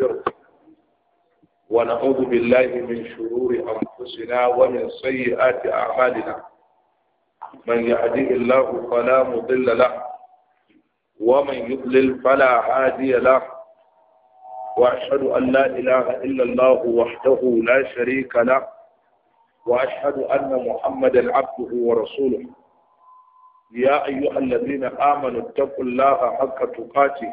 ونستغفره ونعوذ بالله من شرور أنفسنا ومن سيئات أعمالنا من يهديه الله فلا مضل له ومن يضلل فلا هادي له وأشهد أن لا إله إلا الله وحده لا شريك له وأشهد أن محمدا عبده ورسوله يا أيها الذين آمنوا اتقوا الله حق تقاته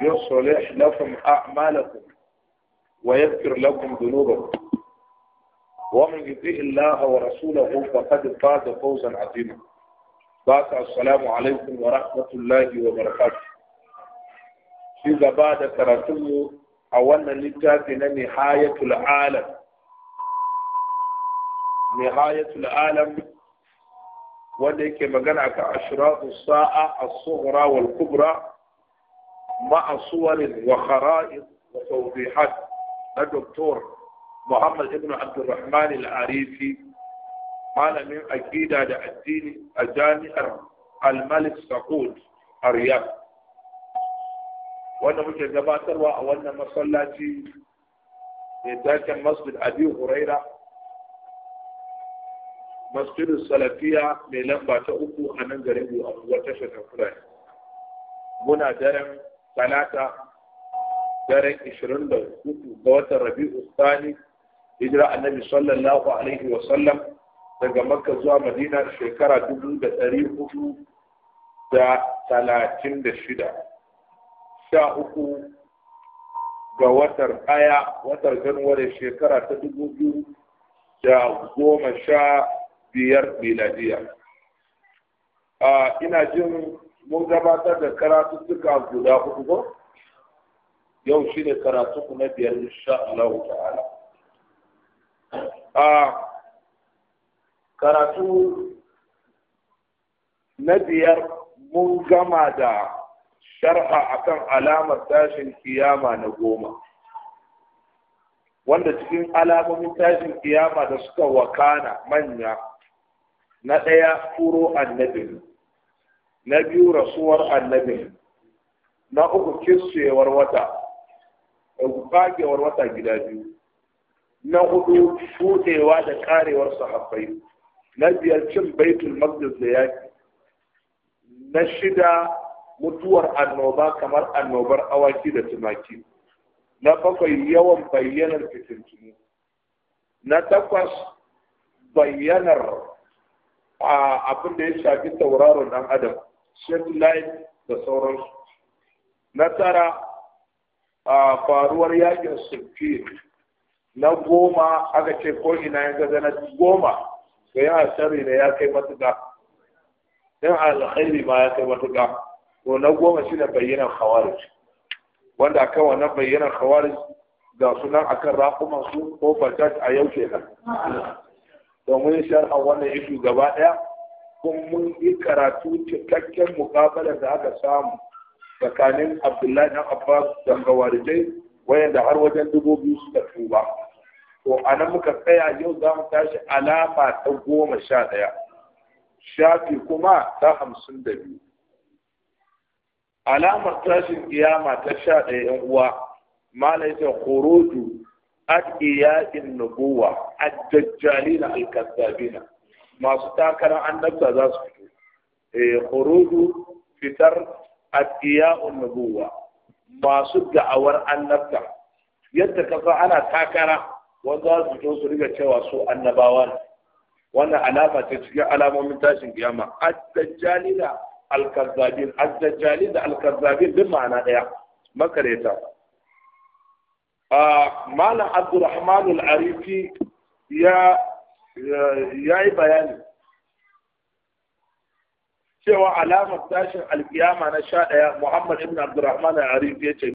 يصلح لكم أعمالكم ويذكر لكم ذنوبكم ومن يطيع الله ورسوله فقد فاز فوزا عظيما بعد السلام عليكم ورحمة الله وبركاته في بعد كراتمه أولا لتاتنا نهاية العالم نهاية العالم wanda مجنعك أشراط الساعة الصغرى والكبرى مع صور وخرائط وتوضيحات الدكتور محمد ابن عبد Malamin, Akida da addini a jami'ar الجامع الملك سعود الرياض wannan muke gabatarwa a wannan masallaci mai dakin masjid abi huraira masjid salafiya mai lamba ta uku a nan garin biyu a kuwa tashar fulani muna daren talata daren ishirin da uku ga watan rabi'u tsani hijira annabi sallallahu alaihi wa sallam daga makka zuwa madina shekara dubu da ɗari hudu da talatin da shida sha uku ga watar aya watar januwari shekara ta dubu biyu da goma sha biyar miladiya ina jin mun gabatar da suka guda hudu ba, yau shi ne karatu na biyar insha Allah ta'ala a karatu na biyar mun gama da sharha akan alamar tashin kiyama na goma wanda cikin alamomin tashin kiyama da suka wakana manya na ɗaya turo annabi. na biyu rasuwar annabi na uku kiswewar wata fagewar wata gida biyu na hudu shuɗewa da karewar sahabbai na biyar cin baitul maqdis da yaki na shida mutuwar annoba kamar annobar awaki da tumaki na bakwai yawan bayyanar fitintunu na takwas bayyanar abin da ya shafi tauraron dan adam lai da sauransu na tara a faruwar yakin sufi na goma aka ce ko ina ya gaza na goma ga yana asari ne ya kai matuka ɗin alkhairi ma ya kai matuka. ko na goma shi ne bayyanar khawarij wanda akan wannan bayyanar khawarij ga sunan akan raƙuman su ko bajaj a yau kenan domin a wannan isu gaba ɗaya Kun mun yi karatu cikakken mukabalar da aka samu tsakanin abdullahi na abbas da kawarijai wayanda har wajen dubu biyu suka tuba to a nan muka tsaya yau za mu tashi alama ta goma sha ɗaya shafi kuma ta hamsin da biyu alamar tashin kiyama ta sha ɗaya yan uwa malai ta khoroju ad iyakin nubuwa ad dajjalina al-kazzabina masu takarar annabta za su fito eh, khuruju fitar adiya'un nubuwa masu da'awar annabta yadda kafa ana takara wanda za su fito su riga cewa su annabawa ne wannan alama ta cikin alamomin tashin kiyama ad-dajjali da al-kazzabin ad-dajjali da al-kazzabin din ma'ana daya makareta ah, malam abdurrahman al-arifi ya ya yi bayani cewa alamar tashin alkiyama na sha ɗaya muhammad ibn abdurrahman al-arif ya ce